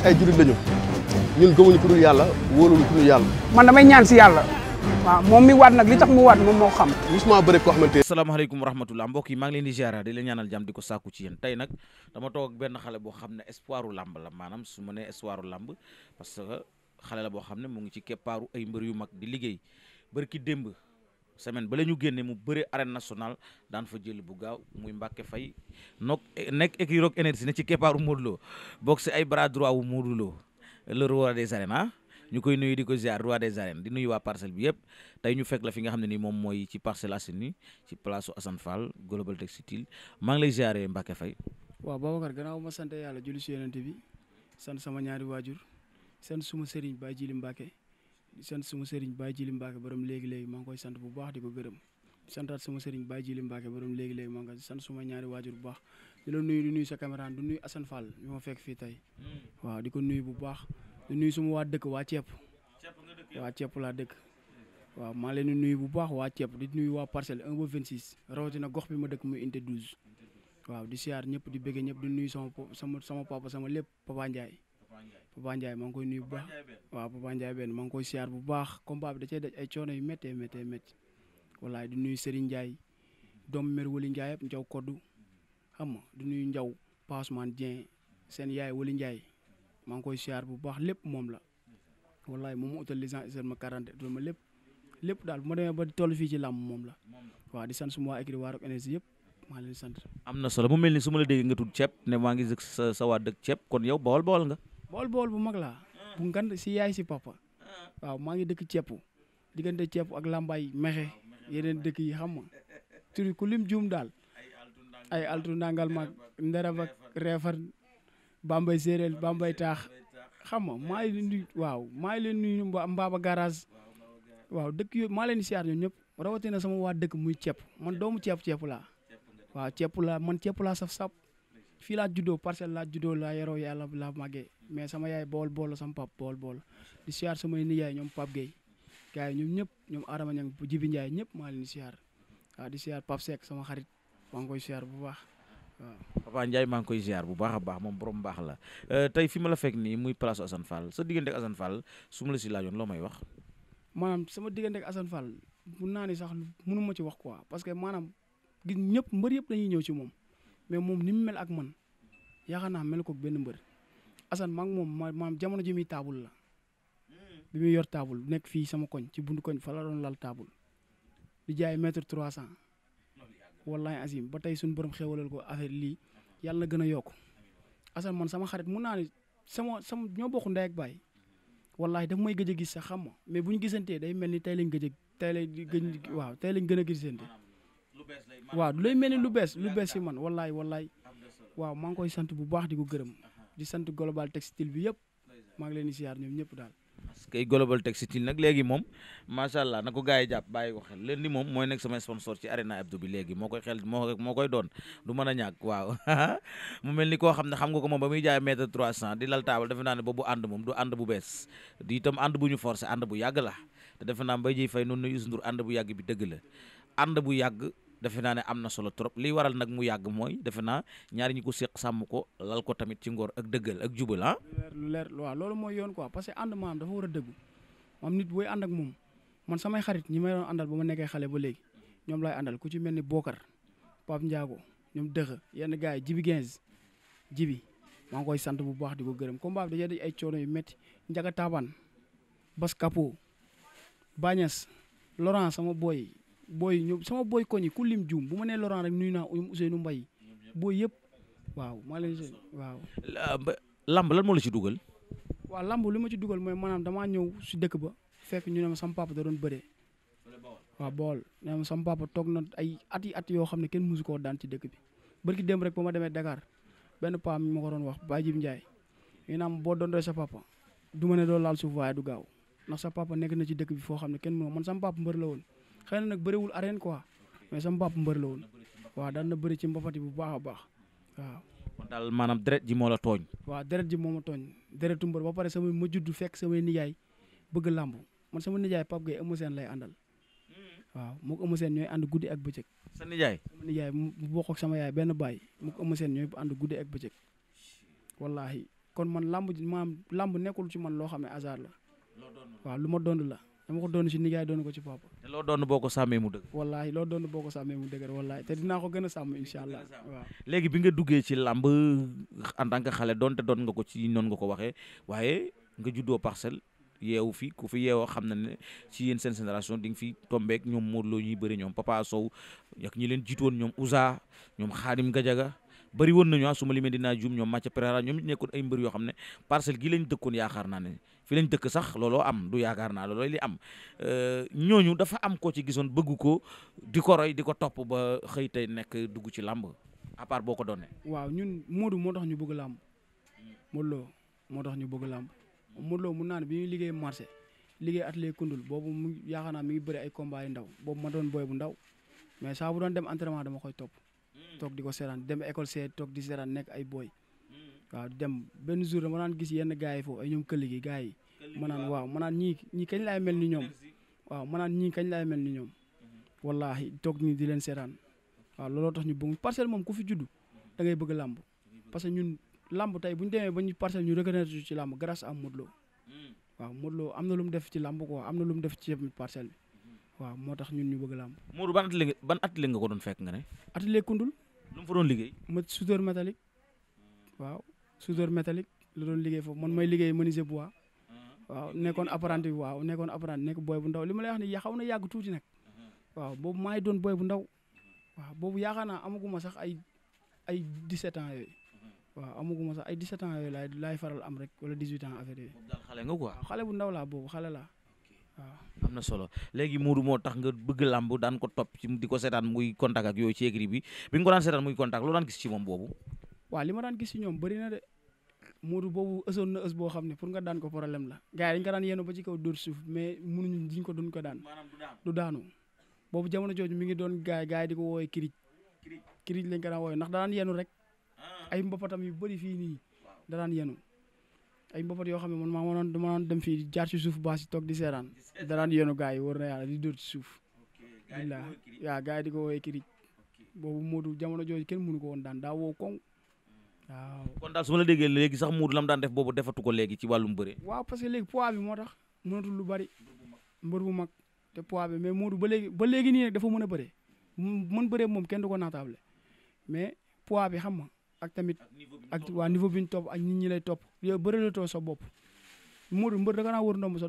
ay jullit lañu ñun gëmuñu ku dul yàlla wóoluñu ku dul yàlla. man damay ñaan si yàlla. waaw moom mi waat nag li tax mu waat moom moo xam. gisuma bëri koo xamante ne. asalaamaaleykum wa rahmatulah mbokk yi maa ngi leen di ziara di leen ñaanal jàmm di ko sàkku ci yéen tey nag dama toog benn xale boo xam ne espoiru làmb la maanaam su ma nee espoiru làmb parce que xale la boo xam ne mu ngi ci keppaaru ay mbër yu mag di liggéey bër ki démb semaine ba la ñu génne mu bëre arène nationale daan fa jël bu gaaw muy Mbacke fay nok nekk écurie Rock Énergie ne ci keppaaru Modou Lo bokk si ay bras droit wu Modou Lo le roi des arènes ah. ñu koy nuyu di ko ziar roi des arènes di nuyu waa parcelle bi yëpp te ñu fekk la fi nga xam ne nii moom mooy ci Parcelles Assainies ci place Assane Fall Global Textile maa ngi lay ziaree Mbacke Faye waaw Babacar gannaaw ma sant yàlla julli si yonent bi sant sama ñaari waajur sant suma sëriñ Baye Jili di sant suma sëriñ Baye Jili Mbacke borom léegi-léegi maa koy sant bu baax di ko gërëm di santaat suma sëriñ Baye Jili Mbacke borom léegi-léegi maa ngi koy sant suma ñaari waajur bu baax di la nuyu sa caméra du nuyu Assane Fall mi ma fekk fii tey hmm. waaw di ko nuyu bu baax di nuyu suma waa dëkk waa ceeb waa ceeb laa dëkk waaw maa leen di nuyu bu baax waa ceeb di nuyu waa parcelle 1 ba 26 rawatina gox bi ma dëkk muy unité 12 waaw di siyaar ñëpp di bëgg ñëpp di nuyu sama sama sama papa sama lépp Papa Ndiaye maa ngi koy nuyu bu baax waaw Papa Ndiaye benn maa koy siyaar bu baax combat bi da cee daj ay coono yu méttee méttee métti wallaay du nuyu Serigne Ndiaye doom mer Wali Ndiaye yëpp Ndiaw Koddu xam du nuyu Ndiaw Passemane Dieng seen yaay Wali Ndiaye maa ngi koy siyaar bu baax lépp moom la wallaay moom mu utal licence isel ma 40 ma lépp lépp daal bu ma demee ba toll fii ci làmb moom la waaw di sant suma waa écrit waa Rock Énergie yëpp maa leen sant. am na solo mu mel ni suma la déggee nga tudd ceeb ne maa ngi sa sa waa dëkk ceeb kon yow Bawol Bawol nga. bool bool bu mag laa ah. bu ngand si yaay si papa ah. waaw maa ngi dëkk cepp diggante cepp ak lambay mexe yeneen dëkk yi xam ma turi ku juum daal ay altu ndangal mag nderab reefar bambay séeréel bambay taax xam ma maa ngi waaw maa ngi leen nuyu mbaaba garage waaw dëkk yooyu maa leen di siyaar ñoom ñëpp rawatina sama waa dëkk muy cepp man doomu cepp cepp laa waaw cepp laa man cepp laa saf sap fii laa juddoo parcelle laa juddoo laa yaroo yàlla laa màggee mais sama yaay bool bool la sama pap bool bool di siyaar samay nijaay ñoom Pape Gueye gars yi ñoom ñëpp ñoom Adama Niang Jibi Ndiaye ñëpp maa leen di siyaar waaw sama xarit maa ngi bu baax waaw. Papa Ndiaye maa ngi koy siyaar bu baax a baax moom borom baax la euh, tey fi ma la fekk nii muy place Assane Fall sa diggante ak Assane suma su la si laajoon loo may wax. maanaam sama diggante ak Assane mun naa ni sax mënu ma ci wax quoi parce que maanaam gis ñëpp mbër yëpp dañuy ñëw ci moom mais moom ni mu mel ak man yaakaar naa mel ko benn mbër Assane ma ak moom maam jamono ji muy taabul la bi muy yor taabul nekk fii sama koñ ci buntu koñ fa la doon lal taabul jaay mètre trois cent wallahi azim ba tey suñu borom xéwalal ko affaire lii yàlla gën a yokku Assane man sama xarit mun naa ne sama sama ñoo bokk ndey ak baay wallahi daf may gëj a gis sax xam ma mais bu ñu gisantee day mel ni tey lañ gëj a tey lañ waaw tey lañ gën a gisante waaw lay mel ni lu bees lu bees si man wallahi wallahi waaw maa ngi koy sant bu baax di ko gërëm. di sant global textile bi yëpp maa leen di ñoom ñëpp daal. parce global textile nag léegi moom macha allah na ko gars jàpp bàyyi ko xel leen di moom mooy nekk sama sponsor ci arena hebdo bi léegi moo koy xel moo koy doon du mën a ñàkk waaw mu mel ni koo xam ne xam nga ko moom ba muy jaay mètre trois cent di lal taabal defe naa ne boobu ànd moom du ànd bu bees di itam ànd bu ñu ànd bu yàgg la te defe naa mbay jiy fay noonu na Youssou Ndour ànd bu yàgg bi defe naa ne am na solo trop liy waral nag mu yàgg mooy defe naa ñaari ñi ko séq sàmm ko lal ko tamit ci ngor ak dëggal ak jubal ah. lu loolu mooy yoon ko parce que ànd maam dafa war a dëggu maam nit booy ànd ak moom man samay xarit ñi may doon àndal ba ma nekkee xale ba léegi ñoom lay àndal ku ci mel ni Bokar Pape njaago ñoom dëx yenn gars yi Jibi Genz Jibi maa ngi koy sant bu baax di ko gërëm combat bi dajee daj ay coono yu métti Njaga Taban Bas Kapo Bañes Laurent sama boy booy ñëw sama booy koñ yi ku lim juum bu ma nee Laurent rek nuyu naa um Ousseynou Mbaye booy yëpp waaw maa leen si waaw. moo la ci dugal. waaw lamb li ma ci dugal mooy maanaam damaa ñëw si dëkk ba fekk ñu ne ma sama papa da bëree. waaw bool nee ma sama papa toog na ay at yi yoo xam ne kenn mësu koo daan ci dëkk bi barki dem rek ba ma demee dakaar benn paam mi ma ko doon wax Baye Jib Ndiaye ñu naan boo doon doy sa papa du ma ne doo laal suuf waaye du gaaw ndax sa papa nekk na ci dëkk bi foo xam ne kenn mënoo man sama papa mbër la woon. xëy na nag bëriwul arène quoi mais sama papa mbër la woon waa daan na bëri ci mbapati bu baax a baax waaw. daal maanaam deret ji moo la tooñ. waa deret ji moo ma tooñ deretu mbër ba pare samay ma judd fekk samay nijaay bëgg làmb man sama nijaay Pape Gueye Eumeu lay àndal waaw moo ko Eumeu ñooy ànd guddi ak bëccëg. sa nijaay sama mu bokk sama yaay benn baay moo ko Eumeu Sène ñooy ànd guddi ak bëccëg wallaahi kon man làmb ji maam làmb nekkul ci man loo xam ne hasard la. waaw lu ma dond la. dama ko doon ci nijaay doon ko ci papa. te loo doon boo ko sàmmee mu dëgër. wallaahi loo doon boo ko sàmmee mu dëgër wallaahi te dinaa ko gën a sàmm incha allah waaw. bi nga duggee ci làmb en tant que xale doonte doon nga ko ci noon nga ko waxee waaye nga juddoo parcelle yeewu fi ku fi yeewoo xam na ne si yéen seen génération di nga fi tombeek ñoom Modou loo ñuy bëri ñoom Papa Sow ak ñi leen jiitoon ñoom Ouza ñoom Khadim Gadiaga bëri woon nañu ah su ma limee dinaa juum ñoom Mathia Pereira ñoom it nekkoon ay mbër yoo xam ne parcelle gii lañ dëkkoon yaakaar naa ne fi lañ dëkk sax looloo am du yaakaar naa looloo li am euh, ñooñu dafa am koo ci gisoon bëgg ko di ko roy di ko topp ba xëy tey nekk dugg ci lamb à boo ko doonee. waaw ñun Modou moo tax ñu bëgg lamb Modou moo tax ñu bëgg lamb Modou Lo mun naa ne bi ñuy liggéey marché liggéey atelier kundul boobu mu yaakaar naa mi ngi bëri ay combat ndaw boobu ma doon boy bu ndaw mais saa bu doon dem entraînement dama koy topp toog di ko seetaan dem école see toog di seetaan nekk ay booy hmm. waaw dem benn jour ma gis yenn gars yi foofu ay ñoom këll gi gars yi ma waaw ma naan ñii ñii kañ laay mel ni ñoom waaw manaan ñii kañ laay mel ni ñoom hmm. wallaahi toog ñu di leen seetaan waaw looloo tax ñu bëgg parcelle moom ku fi judd hmm. da ngay bëgg làmb parce que ñun lamb tey buñ ñu demee ba ñu parcelle ñu ci làmb grâce à Modou Lo waaw Lo am na lu mu def ci làmb quoi am na lu mu def ci parcelle bi waaw moo tax ñun ñu bëgg làmb. Modou ban atelier ban nga ko doon fekk nga lu mu doon liggéey. ma soudeur métallique waaw soudeur métallique la doon liggéey foofu man may liggéey menuisier bois waaw nekkoon apprenti bi waaw nekkoon apprenti nekk booy bu ndaw li ma lay wax ni xaw na yàgg tuuti nag waaw boobu maa ngi doon booy bu ndaw waaw boobu yaakaar naa ma sax ay ay 17 ans yooyu waaw amaguma sax ay 17 ans yooyu laay faral am rek wala 18 ans affaire yooyu. xale nga quoi xale bu ndaw la boobu xale laa. am na solo léegi Modou moo tax nga bëgg làmb daan ko topp ci di ko seetaan muy contact ak yooyu ci écrit bi bi nga daan seetaan muy contact loo daan gis ci moom boobu. waaw daan gis ci ñoom bëri de Modou boobu ësoon na ës boo xam ne pour nga daan ko problème la gars yi dañ mi ngi doon gaay gaay di ko woowee kirij ko daan woowee ndax daan yenu rek ah. ay mbapatam yu bëri fii nii daan yenu ay mbapat yoo xam ne man maa ma doon dama doon dem fii jaar ci suuf baas yi toog di seetaan daraan yéenu gars yi wër na yàlla di dóor ci suuf. billaa waaw gars yi di ko woowee kirij boobu Modou jamono jooju kenn mënu ko woon daan daa woo koŋ waaw kon daal su ma la déggee léegi sax Modou lam daan def boobu defatu ko léegi ci wàllum bëre waaw parce que léegi poids bi moo tax mënatul lu bari mbër bu mag te poids bi mais Modou ba léegi ba léegi nii nag dafa mën a bëre mën bëre moom kenn du ko naataable mais poids bi xam nga ak tamit ak waa niveau bi ñu topp ak nit ñi lay topp yow bëreelatoo sa bopp Modou mbër da nga naa wër ndomb sa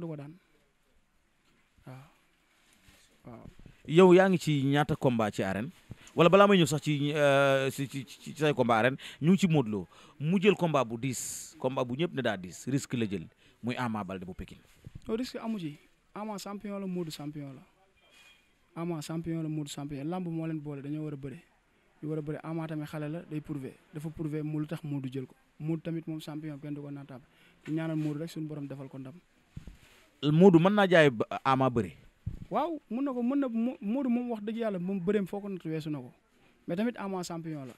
yaa ngi ci ñaata combat ci arène wala balaa ma ñëw sax euh, ci ci ci say combat ñu ngi ci Modou mu jël combat bu diis combat bu ñëpp ne daa diis risque la jël muy Ama Baldé bu Pikine. non risque amu ci Ama champion la Modou champion la Ama champion la Modou champion lamb moo leen boole dañoo war a bëre ñu war a bëre Ama tamit xale la day prouver dafa prouver mu lu tax Modou jël ko. Modou tamit moom champion kenn du ko naataab di ñaanal Modou rek suñu ko mën naa jaay Ama bëri. waaw mën na ko mën na Modou moom wax dëgg yàlla moom bëreem foo ko nat weesu na ko mais tamit Ama champion la.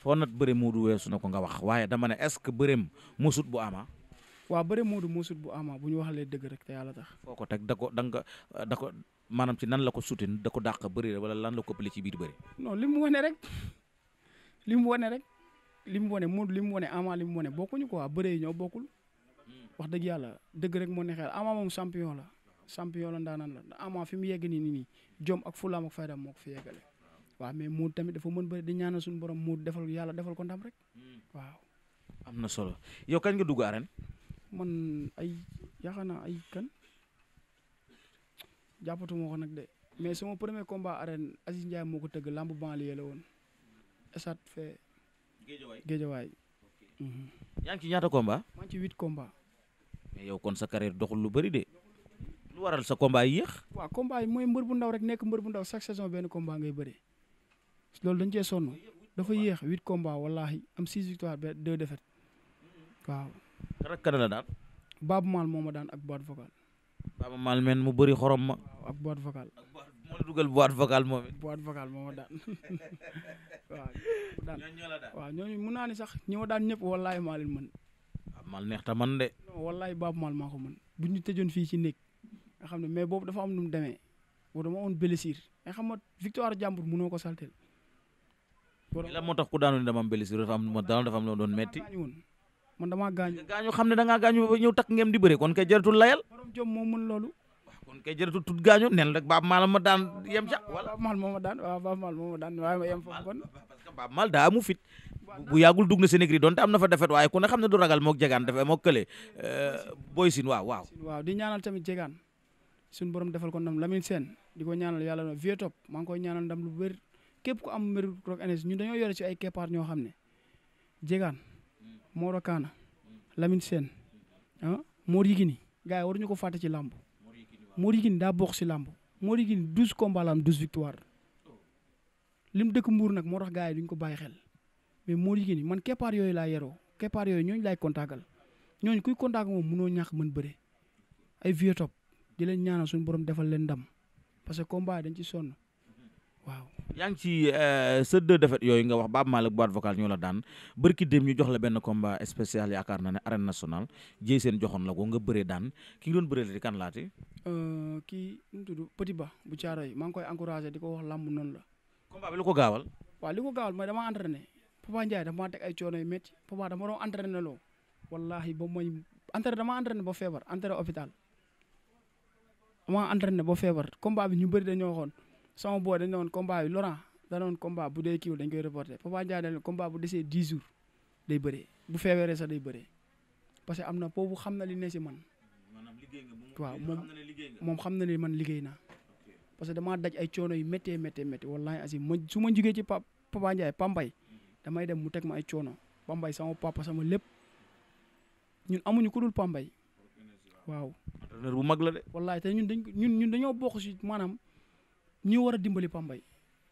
foo nat bëri Modou weesu na ko nga wax waaye dama ne est-ce que bëreem musut bu Ama. waaw bëri Modou musut bu Ama bu ñu waxalee dëgg rek te yàlla tax. foo ko teg da ko da nga ko maanaam ci nan la ko sutin da ko dàq bëri wala lan la ko ëppale ci biir bëri. non li mu rek. li mu wane Modou li mu wane Ama li mu wane bokkuñu quoi bëree yi ñoo bokkul wax dëgg yàlla dëgg rek moo ne xel Ama moom champion la champion la ndaanaan la Ama fi mu yegg nii nii jom ak fulaam ak faydam moo ko fi yeggale waaw mais tamit dafa mën suñu borom Modou defal yàlla defal ko ndam rek waaw. am na solo yow kañ nga dugg arène. man ay yaakaar naa ay kan jàppatuma ko nag de mais sama premier combat arène Aziz Ndiaye moo ko tëgg lamb banlieue la woon esat fee géejawaay géejawaay. Mhm. yaa ngi ci ñaata combat. maa ci huit combat. mais yow kon sa carrière doxul lu bari de. lu waral sa combat yi yéex. waaw combat mooy mbër bu ndaw rek nekk mbër bu ndaw chaque saison benn combat ngay bëri loolu dañ cee sonn dafa yéex huit combat wallahi am six victoire ba deux défaites waaw. kan ak kan la Baaba Maal moo ma daan ak boîte vocale. Baaba Maal men mu bari xorom ma. waaw ak boîte vocale. ak boîte moo la dugal daan waaw. daan waaw ñooñu mun naa ni sax ñi ma daan ñëpp wallaay maa leen mën mal neex ta man de non wallaay baab mal maa ko mën bu ñu tëjoon fii ci néeg nga xam ne mais boobu dafa am nu mu demee boobu dama oon blessure mais xam nga victoire jàmbur mënoo ko saltel la moo tax ku daanu ne dama am blessure dafa ma daanu dafa am loo da ngaa gaañu ba ñëw takk ngeen di bëre kon kay jëratul layal borom jom moo mën loolu kon kay jëratul tut gaañu nel rek baab maal ma daan yem ca wala baab maal moo ma daan waaw baab maal moo ma daan waaye ma yem foofu Pape Mal daa amu fit bu yàggul dugg na seen écrit am na fa defet waaye ku ne xam ne du ragal mook jegaan dafe mook kële euh, boy sin waaw waaw di ñaanal tamit jegaan suñu borom defal ko ndam Lamine seen di ko ñaanal yàlla no vieux top maa ngi ñaanal ndam lu wér képp ku am mbiru Rock Énergie ñun dañoo yore ci ay keppaar ñoo xam ne jegaan Mor Kaana Lamine Sène ah Mor Yigini gars yi waruñu ko fàtte ci làmb Mor Yigini daa bokk ci lamb Mor Yigini douze combats lim dëkk mbuur nag moo tax gars yi duñ ko bàyyi xel mais moo liggéey ni man keppaar yooyu laa yeroo keppaar yooyu ñooñu laay contactal ñooñu kuy contact moom mënoo ñàkk man bëre ay vieux di leen ñaanal suñu borom defal leen ndam parce que combat yi dañ ci sonn waaw. yaa ngi ci euh, sa deux yooyu nga wax Baaba Maalik boîte vocale ñoo la daan bërki dem ñu jox la benn combat spécial yaakaar na ne arène nationale jéey seen joxoon la ko nga bëree daan ki nga doon bëree di kan euh, kii nu mu tudd Petit Ba bu Caaroy ngi koy encouragé di ko wax làmb noonu la. combat bi lu ko gaawal. waaw li ko gaawal mooy damaa entraîné Papa Ndiaye dafa maa teg ay coono yu métti Papa dama doon entraîné loo wallaahi ba mooy entraîné damaa entraîné ba feebar entraîné hôpital damaa entraîné ba feebar combat bi ñu bëri dañoo waxoon sama boo dañu doon combat bi Laurent da doon combat bu dee kiiwul dañ koy reporté Papa Ndiaye dañ combat bu desee 10 jours day bëree bu feebaree sax day bëree parce que am na foofu xam na li ne si man. waaw moom moom xam na li man liggéey na parce que damaa daj ay coono yu méttee méttee méttee wallaahi asi ma su ma jugee ci pa Papa Ndiaye Pambay damay dem mu teg ma ay coono Pambay sama papa sama lépp ñun amuñu ku dul Pambay waaw. entraîneur bu mag la de. wallaahi te ñun dañ ñun ñun dañoo bokk si maanaam ñi war a dimbali Pambay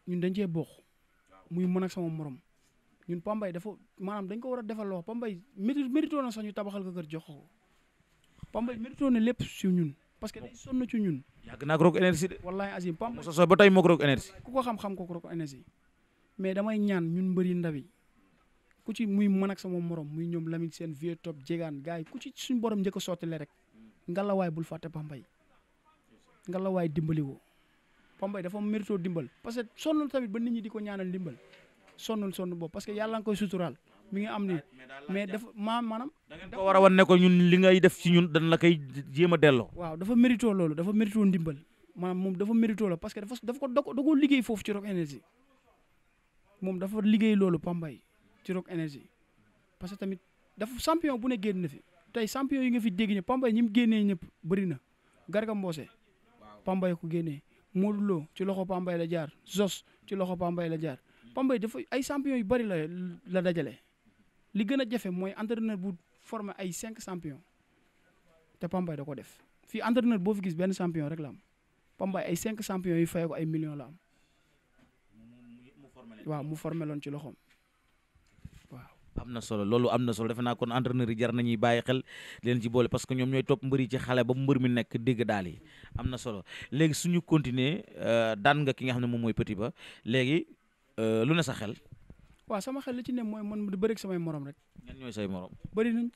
ñun dañ cee bokk muy mën ak sama morom ñun Pambay dafa maanaam dañ ko war a defal loo Pambay mérite mérite na sax ñu tabaxal ko kër jox ko Pambay mérite na lépp si ñun. parce que day sonn ci ñun. yàgg naa Rock Énergie de. wallaahi Azim Pam. mu sosoo ba tey moog Rock Énergie. ku ko xam-xam ko Rock Énergie mais damay ñaan ñun mbëri ndaw yi ku ci muy mën ak sama morom muy ñoom Lamine seen vieux top jegaan gars yi ku ci suñu borom njëkk a sottile rek ngalawaay bul fàtte Pambay ngalawaay dimbali woo Pambay dafa méritoo dimbal parce que sonnul tamit ba nit ñi di ko ñaanal dimbal sonnul sonn boo parce que yàlla nga koy suturaal. mi ngi am ni mais dafa maam maanaam. da ngeen war a wan ko ñun li ngay def si ñun dañ la koy jéem a delloo. waaw dafa mérito loolu dafa mérito ndimbal maanaam moom dafa mérito la parce que dafa da ko liggéey foofu ci Rock Énergie moom dafa liggéey loolu Pambay ci Rock Énergie parce que tamit dafa champion bu ne génn na fi tey champion yi nga fi dégg ñëpp Pambay ñi mu génnee ñëpp bëri na Garga Mbossé Pambay ko génnee Modou Lo ci loxo Pambay la jaar Zos ci loxo Pambay la jaar Pambay dafa ay champion yu bari la la dajale. li gën a jafe mooy entraîneur bu formé ay cinq champion te Pambay da ko def fii entraîneur boo fi gis benn champion rek la am Pambay ay cinq champion yu fay ko ay millions la am. waaw mu formé ci loxoom waaw. am na solo loolu am na solo defe naa kon entraîneur yi jar nañuy bàyyi xel leen ci boole parce que ñoom ñooy topp mbër yi ci xale ba mbër mi nekk dégg daal yi am na solo léegi suñu continuer euh, daan nga ki nga xam ne moom mooy petit ba léegi euh, lu ne sa xel. waa sama xel li ci ne mooy man di bëri samay morom rek. ñan say morom. bëri nañ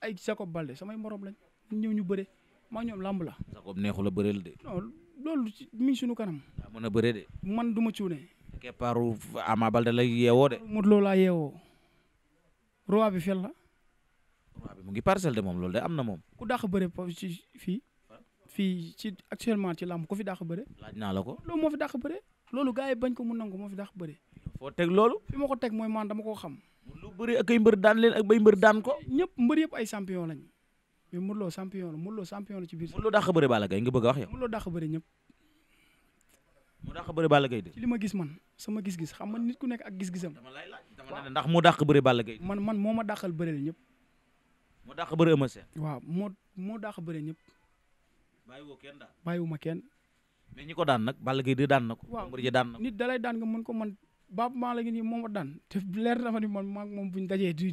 ay Jacob Balde samay morom lañ ñëw ñu bëre maa ñoom làmb la. Jacob neexul a bëreel de. non loolu mi ngi suñu kanam. waaw a bëre de. man du ma cuune. keppaaru Ama Balde la yeewoo de. Modou Lo fel la. mu ngi parcelle de moom loolu de am na moom. ku dàq bëre ci fii. fii ci actuellement ci làmb fi dàq bëre. laaj naa la ko. loolu moo fi dàq bëre. loolu gars yi bañ ko mu nangu moo fi dàq bëre. foo teg loolu. fi ma ko teg mooy man dama koo xam. lu bëri ak ay mbër daan leen ak bay mbër daan ko. ñëpp mbër yëpp ay champion lañ mais Modou Lo champion la Modou Lo champion la ci biir. Modou Lo dàq bëri Balla Gaye nga a wax yow. Modou li ma gis man sama gis-gis xam man nit ku nekk ak gis-gisam. dama lay laaj dama ne ndax mu dàq bëri Balla Gaye. man man moo ma dàqal bëri la ñëpp. mu dàq bëri Eumeu Sène. waaw moo moo dàq bëri ñëpp. bàyyiwoo kenn daal bàyyiwuma kenn. mais ñi ko daan nag Balla Gaye de daan na ko. ko man Baaba maa la ngi nii moom a daan te leer na ma man maag moom dajee di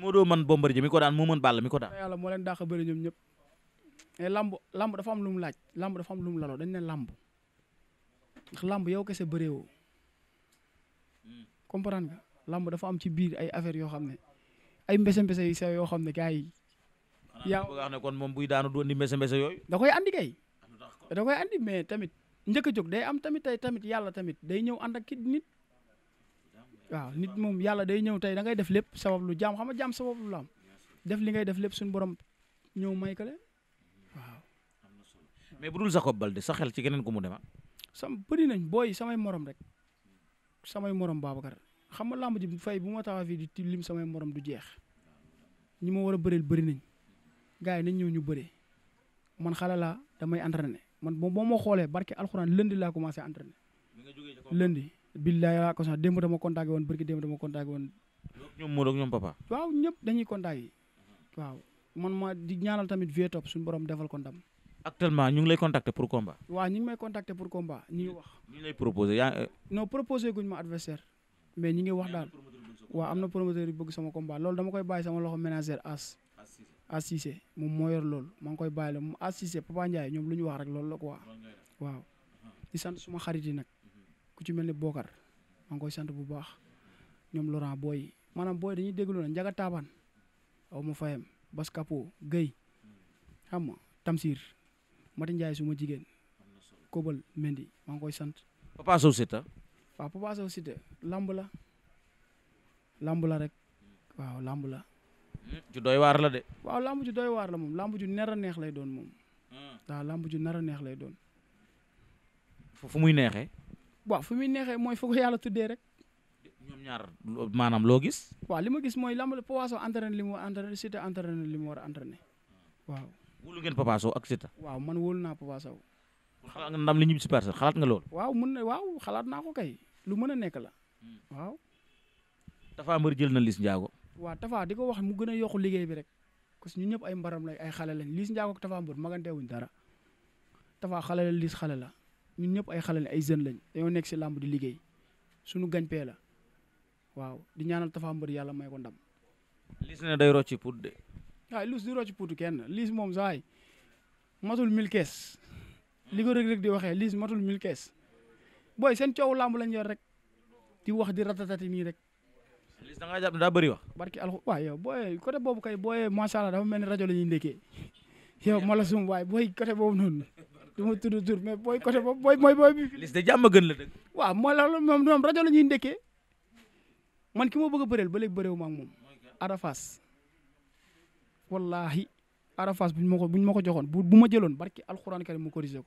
moo doo man Bombardier mi ko daan moo mën Balla mi ko daan. yàlla moo leen dàq a bëri ñoom ñëpp mais lamb lamb dafa am lu mu laaj lamb dafa lu mu laloo dañ ne lamb ndax lamb yow kese bëree woo hmm. comprendre nga lamb dafa am ci biir ay affaire yoo xam ne ay mbese-mbese yoo xam ne gars yi. yaa ngi wax kon moom buy daanu du andi mbese-mbese yooyu. da koy andi kay ah, da koy andi mais tamit. njëkk a jóg day am tamit tey tamit yàlla tamit day ñëw ànd ak ki nit waaw nit moom yàlla day ñëw tey da ngay def lépp sabab lu jaam xam nga jaam sabab lu la def li ngay def lépp suñ borom ñëw may kale waaw. mais bu dul Jacob Baldé sa xel ci keneen ku mu dem ah? sam bëri nañ booy samay morom rek samay morom Babacar xam nga làmb ji fay bu ma taxaw fii di lim samay morom du jeex ñi ma war a bëreel bëri nañ gars yi nañ ñëw ñu bëree man xale laa damay entraîné. man boo ma xoolee barke alxuraan lundi laa commencé entraîné. lundi. billaay laa ko sax démb dama contacté woon barki démb dama contacté woon. ñoom Modou ak uh-huh. ma di ñaanal tamit vie top borom defal ko ndam. actuellement ñu ngi lay pour combat. ñu ngi may contacter pour combat ñu ngi wax. ñu ngi lay proposé yaa. Euh, non proposé guñ ma adversaire mais ñu ngi wax daal. waaw am na promoteur yu bëgg sama combat loolu dama koy bàyyi sama loxo ménagère as. Assise moom moo yor loolu maa ngi koy bàyyi la mu Assise Papa Ndiaye ñoom lu ñu wax rek loolu la quoi waaw uh-huh. sant suma xarit yi nag ku ci mel ni Bokar maa koy sant bu baax ñoom Laurent booy maanaam booy dañuy déglu na Njaga Taabaan aw ma fayam Bas Capo Guèye Tamsir Mati Ndiaye suma jigéen Kobal Mendy maa koy sant. Papa Sow Siteu. waaw Papa lamb la lamb la rek hmm. waaw lamb la. ju doy waar la de. waaw lamb ju doy waar la moom lamb ju nar a neex lay doon moom. Hmm. waaw lamb ju nar a neex lay doon. fu muy neexee. waaw fu muy neexee mooy fu ko yàlla tuddee rek. ñoom ñaar maanaam loo gis. waaw li ma gis mooy lamb Papa Sow entraîné li mu war entraîné Siteu entraîné li mu war a entraîné hmm. waaw. wóolu ngeen Papa Sow ak Siteu. waaw man wóolu naa Papa Sow. xalaat nga ndam li ñu si personne xalaat nga loolu. waaw mun na waaw xalaat naa ko kay lu mën a nekk la hmm. waaw. dafa mbër jël na Liss Ndiago. waa tafaa di ko wax mu gën a yokku liggéey bi rek parce que ñun ñëpp ay mbaram lañ ay xale lañ Liss Ndiago ak Tafa Mbeur maganteewuñ dara Tafa xale la Liss xale la ñun ñëpp ay xale lañ ay jeunes lañ yoo nekk si làmb di liggéey suñu gañpee la waaw di ñaanal Tafa Mbeur yàlla may ko ndam. Liss ne day rocci put de. waaw Liss du rocci put kenn Liss moom saay matul mille kees li ko rëg-rëg di waxee Liss matul mille kees booy seen coow làmb lañ yor rek di wax di ratatati nii rek. Liss da ngaa jàpp ne daa bëri wax. barki alxu waay yow boobu kay booy macha allah dafa mel ni rajo la ñuy ndekkee yow mala sum waay booy côté boobu noonu du ma tudd tur mais booy côté boobu booy mooy booy bi. Liss de jàmm gën la dëgg. waaw mooy loolu moom moom rajo la ñuy ndekkee man ki ma bëgg a bëreel ba léegi bëreewu ma ak moom. Arafas wallaahi Arafas buñ ma ko buñ ma ko joxoon bu bu ma jëloon barki alxuraan karim mu corrigé ko.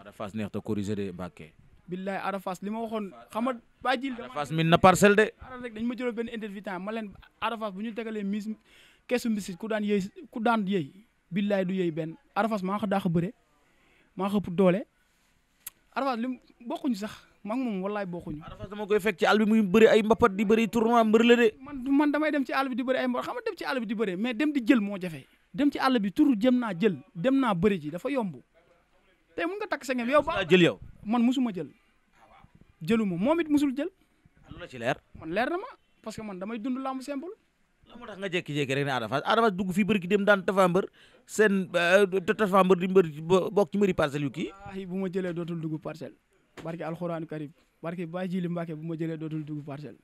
Arafas neex te corrigé de billaay Ada Fass li ma waxoon xam nga bàjjil Ada Fass min na parcelle de ara rek dañ ma jëloon benn interview temps ma leen bu ñu tegalee mis keesu mbisit ku daan ku daan yëy billaay du yëy benn Ada Fass maa ko daax a bëre maa xëpp doole Ada Fass lim bokkuñu sax maa ngi moom wallaay bokkuñu Ada Fass dama koy fekk ci àll bëri ay mbapat di bëri tournoi mbër la de man damay dem ci àll bi di bëri ay mbapat xam dem ci àll bi di bëri mais dem di jël moo jafe dem ci àll bi tur jëm naa jël dem naa bëri ji dafa yomb tey mun nga takk sa ngem yow ba jël yow man musuma jël jëluma moom it musul jël. lu leer. man leer na ma parce man damay dund làmb simple. la moo tax nga jékki-jékki rek dugg fii bëri ki dem daan Tapha Mbeur seen euh, Tapha Mbeur di mbër bokk ci mbëri parcelles yu bu ma jëlee dootul dugu parcelle barki alxuraanu karim barki Baye Jili Mbacke bu ma jëlee dootul dugg parcelle.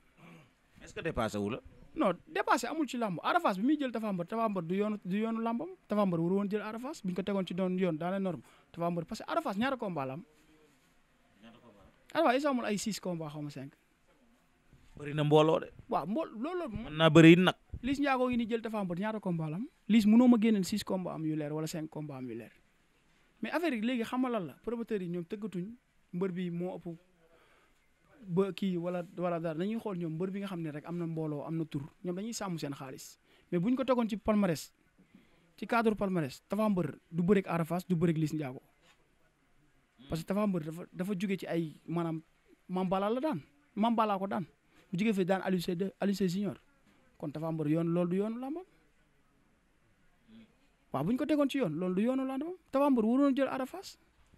est-ce amul ci làmb Ada Fass bi jël Tapha Mbeur Tapha Mbeur du yoonu du yoonu làmbam Tapha Mbeur waru woon jël Ada Fass bu ñu ko tegoon ci doon yoon dans les normes Tapha Mbeur parce que Ada ah waaye soo amul ay six a xaw ma cinq. bëri na mbooloo de. waaw mbool loolu. mën naa bëri nag. Liss Ndiago ngi ni jël Tapha Mbeur ñaata combat la am Liss mënoo ma génneel six combats am yu leer wala cinq combats am yu leer mais affaire yi léegi xamalal la promoteurs yi ñoom tëggatuñ mbër bi moo ëpp ba kii wala wala na dañuy xool ñoom mbër bi nga xam ne rek am na mbooloo am na tur ñoom dañuy sàmm seen xaalis mais buñ ko tegoon ci palmarès ci cadre palmarès Tapha Mbeur du bëreeg Arafas du bëreeg Liss Ndiago parce que Tapha Mbeur dafa dafa jóge ci ay maanaam Mambala la daan Mambala ko daan juge fi daan Aliou Seye de Aliou Seye kon Tapha Mbeur yoon loolu du yoon làmbam waaw bu ñu ko tegoon ci yoon loolu du yoon làmbam Tapha Mbeur waroon jël Ada Fass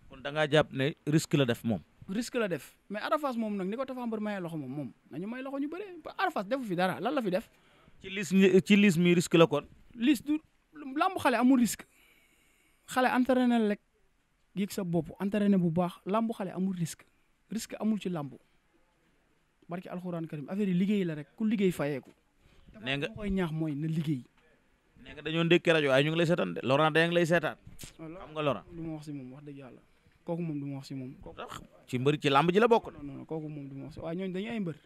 kon da ngaa jàpp ne risque la def moom. risque la def mais Ada moom nag ni ko Tapha Mbeur mayee loxo moom moom nañu may loxo ñu bëree ba Ada Fass defu fi dara lan la fi def. ci lis ci lis mi risque la kon. lis du làmb xale amul risque xale entraîné rek yëg sa bopp entraîné bu baax làmbu xale amul risque risque amul ci làmbu barki alxuraan karim affaire yi liggéey la rek ku liggéey fayeeku. nee nga koy ñaax mooy na liggéey. nee dañoo ndékki rajo waaye ñu ngi lay seetaan de nga lay seetaan. xam nga Laurent du ma wax si moom wax dëgg yàlla kooku moom du ma wax si moom. ci mbër ci làmb ji la bokk. non non kooku moom du ma wax si waaye ñooñu dañu ay mbër.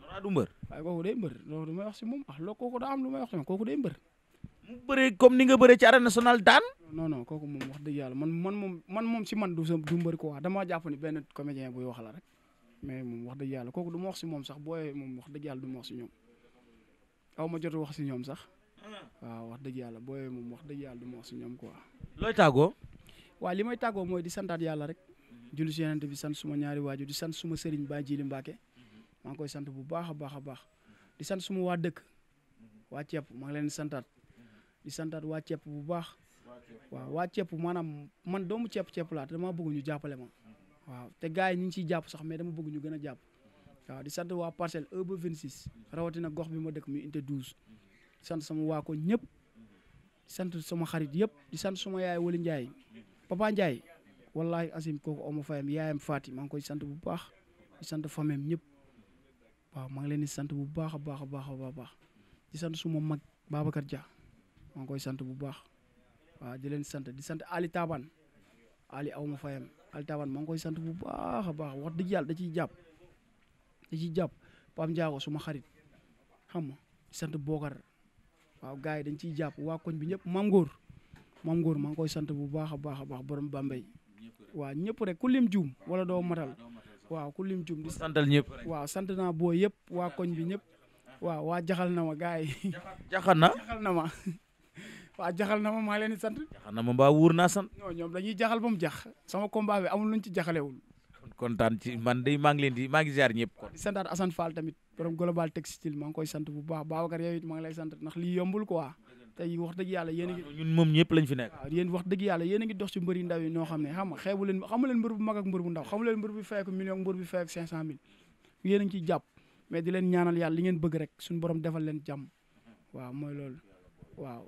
Laurent du mbër. waaye kooku day mbër si moom ah am lu may wax si kooku day mbër mu bëree comme ni nga bëree ci arène nationale daan. nono kooku moom wax dëgg yàlla man man moom man moom si man du sa du mbër ko wax damaa jàpp ni benn comédien buy la rek mais wax dëgg yàlla kooku du ma wax si moom sax booy moom wax dëgg yàlla du ma wax si ma jot wax si ñoom sax waaw wax dëgg yàlla booy moom wax dëgg yàlla du si ñoom quoi. looy tàggoo. waaw li may tàggoo mooy di santaat yàlla rek. Mhm. julli si yonent bi sant suma ñaari waajur di sant suma sëriñ Baay Jili Mbàkke mhm. maa ngi koy sant bu baax a baax a baax di sant suma waa dëkk mhm. waa ceeb maa ngi leen santaat di santaat waa ceeb bu baax waaw waa ceeb maanaam man doomu ceeb ceeb laa te dama bëgg ñu jàppale ma waaw te gars yi ñu ngi ciy jàpp sax mais dama bëgg ñu gën a jàpp waaw di sant waa parcelle 1 ba 26 rawatina gox bi ma dëkk mi inte 12 di sant sama ñëpp sant sama xarit yëpp di sant yaay Wali Ndiaye papa Ndiaye wallahi asim kooku amu fayam yaayam Faati maa ngi koy sant bu baax sant famem ñëpp waaw maa ngi leen di sant bu baax a baax a baax a baax di sant suma mag Babacar Dia maa ngi sant bu baax waaw di leen sant di sant Ali Taban Ali aw ma fayam Ali Taban maa ngi koy sant bu baax a baax wax di yàlla da ciy jàpp da ciy jàpp Pam Ndiago suma xarit xam nga di sant Bokar waaw gars yi dañ ciy jàpp waa koñ bi ñëpp Mam Ngor Mam Ngor maa ngi koy sant bu baax a baax a baax borom Bambey waaw ñëpp rek ku lim juum wala doo matal waaw ku lim juum di santal ñëpp waaw sant naa boo yëpp waa koñ bi ñëpp waaw waa jaxal na ma gars yi na waa jaxal na ma maa leen di sant. jaxal na ma mbaa wuur naa sant. non ñoom jaxal ba mu jax sama combat bi amul luñ ci jaxalewul kontaan ci man de maa leen di maa ngi ziar ñëpp. di santaat Assane Fall tamit borom global textile maa ngi koy sant bu baa Babacar yow it maa ngi lay sant ndax lii yombul quoi tey wax dëgg yàlla yéen a ngi. ñun ñëpp lañ fi nekk. waaw wax dëgg yàlla yéen a ngi dox ci mbër yu ndaw yi noo xam ne xam nga xeebu leen xamu leen mbër bu mag ak mbër bu ndaw xamu leen mbër bu fay million mbër bu fay cinq cent mille yéen ngi ciy jàpp di leen ñaanal yàlla li ngeen bëgg rek suñu borom defal leen jàmm waaw mooy loolu waaw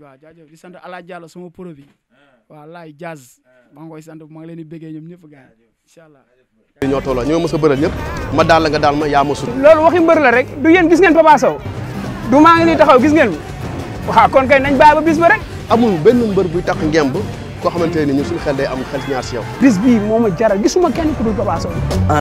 waaw jaajëf di sant Ala jaalo sama pro bi ah. waaw laay jazz ah. maa ngi sant maa ngi leen di béggee ñoom ñëpp gars yi incha allah. ñoo tolloo ñoo mës a bëral ñëpp ma daal la nga daal ma yaa ma sut. loolu waxi mbër la rek du yéen gis ngeen Papa Sow du maa ngi nii taxaw gis ngeen waaw kon kay nañ bàyyi ba bis ba rek. amul benn mbër buy tax ngemb koo xamante ne ñun suñu xel day am xel ñaar si yow. bis bii moo ma jaral gisuma kenn ku dul Papa